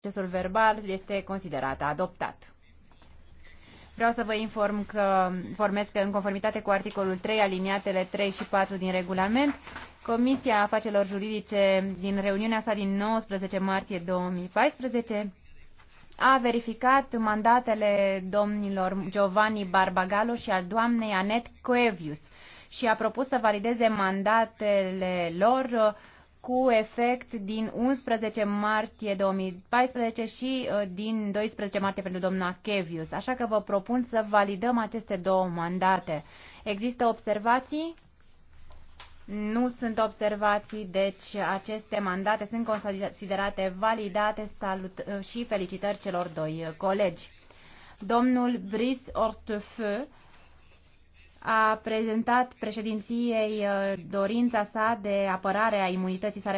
procesul verbal este considerat adoptat. Vreau să vă inform că, formez că, în conformitate cu articolul 3, aliniatele 3 și 4 din regulament, Comisia Afacelor Juridice din reuniunea sa din 19 martie 2014 a verificat mandatele domnilor Giovanni Barbagallo și al doamnei Anet Coevius și a propus să valideze mandatele lor uh, cu efect din 11 martie 2014 și uh, din 12 martie pentru doamna Kevius. Așa că vă propun să validăm aceste două mandate. Există observații? Nu sunt observații, deci aceste mandate sunt considerate validate salut uh, și felicitări celor doi uh, colegi. Domnul Brice Ortefeu a prezentat președinției uh, dorința sa de apărare a imunității sale